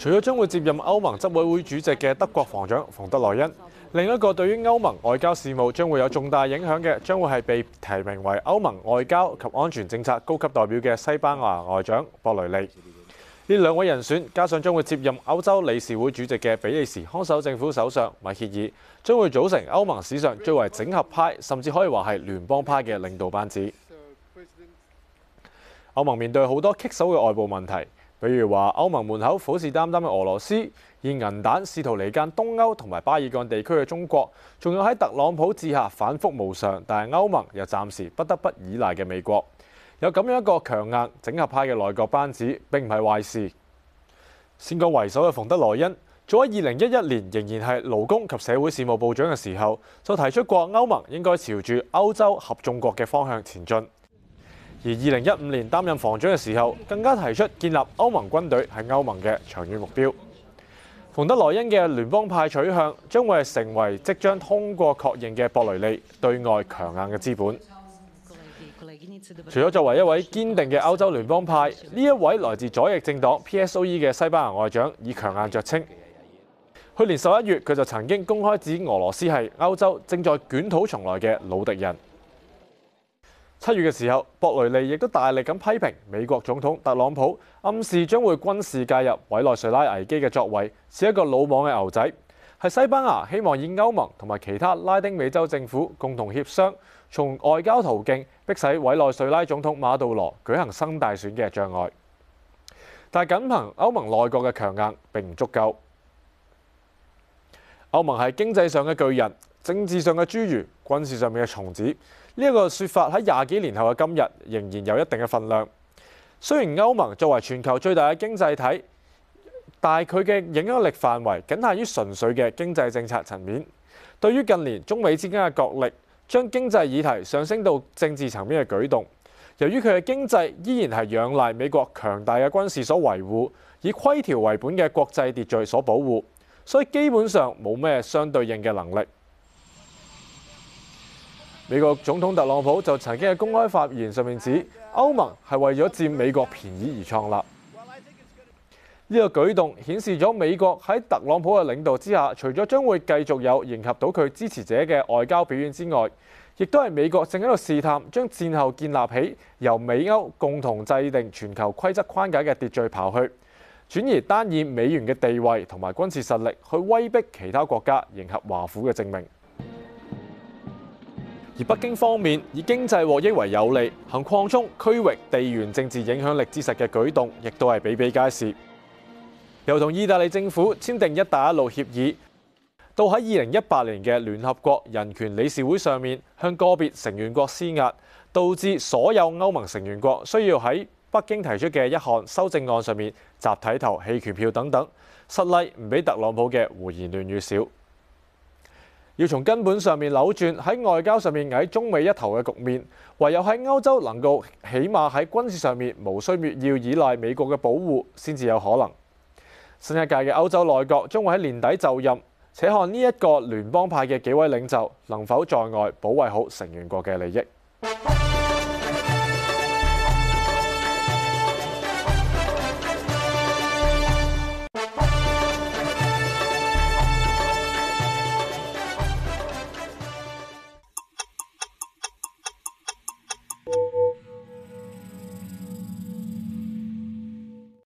除咗將會接任歐盟執委會主席嘅德國防長馮德萊恩，另一個對於歐盟外交事務將會有重大影響嘅，將會係被提名為歐盟外交及安全政策高級代表嘅西班牙外長博雷利。呢兩位人選加上將會接任歐洲理事會主席嘅比利時看守政府首相米歇爾，將會組成歐盟史上最為整合派，甚至可以話係聯邦派嘅領導班子。歐盟面對好多棘手嘅外部問題。比如話，歐盟門口虎視眈眈嘅俄羅斯，以銀彈試圖離間東歐同埋巴爾幹地區嘅中國，仲有喺特朗普治下反覆無常，但係歐盟又暫時不得不依賴嘅美國，有咁樣一個強硬整合派嘅內閣班子並唔係壞事。先講為首嘅馮德萊恩，早喺二零一一年仍然係勞工及社會事務部長嘅時候，就提出過歐盟應該朝住歐洲合眾國嘅方向前進。而二零一五年擔任防長嘅時候，更加提出建立歐盟軍隊係歐盟嘅長遠目標。馮德萊恩嘅聯邦派取向將會成為即將通過確認嘅博雷利對外強硬嘅資本。除咗作為一位堅定嘅歐洲聯邦派，呢一位來自左翼政黨 PSOE 嘅西班牙外長以強硬著稱。去年十一月，佢就曾經公開指俄羅斯係歐洲正在捲土重來嘅老敵人。七月嘅時候，博雷利亦都大力咁批評美國總統特朗普，暗示將會軍事介入委內瑞拉危機嘅作為是一個魯莽嘅牛仔。係西班牙希望以歐盟同埋其他拉丁美洲政府共同協商，從外交途徑迫使委內瑞拉總統馬杜羅舉行新大選嘅障礙。但係僅憑歐盟內閣嘅強硬並唔足夠。歐盟係經濟上嘅巨人。政治上嘅侏儒，軍事上面嘅蟲子，呢一個説法喺廿幾年後嘅今日仍然有一定嘅分量。雖然歐盟作為全球最大嘅經濟體，但係佢嘅影響力範圍僅限於純粹嘅經濟政策層面。對於近年中美之間嘅角力，將經濟議題上升到政治層面嘅舉動，由於佢嘅經濟依然係仰賴美國強大嘅軍事所維護，以規條為本嘅國際秩序所保護，所以基本上冇咩相對應嘅能力。美國總統特朗普就曾經喺公開發言上面指，歐盟係為咗佔美國便宜而創立。呢、這個舉動顯示咗美國喺特朗普嘅領導之下，除咗將會繼續有迎合到佢支持者嘅外交表演之外，亦都係美國正喺度試探將戰後建立起由美歐共同制定全球規則框架嘅秩序刨去，轉而單以美元嘅地位同埋軍事實力去威逼其他國家迎合華府嘅證明。而北京方面以經濟獲益為有利，行擴充區域地緣政治影響力之實嘅舉動，亦都係比比皆是。由同意大利政府簽訂「一帶一路」協議，到喺二零一八年嘅聯合國人權理事會上面向個別成員國施壓，導致所有歐盟成員國需要喺北京提出嘅一項修正案上面集體投棄權票等等，實例唔比特朗普嘅胡言亂語少。要從根本上面扭轉喺外交上面矮中美一頭嘅局面，唯有喺歐洲能夠起碼喺軍事上面無需要依賴美國嘅保護先至有可能。新一屆嘅歐洲內閣將會喺年底就任，且看呢一個聯邦派嘅幾位領袖能否在外保衛好成員國嘅利益。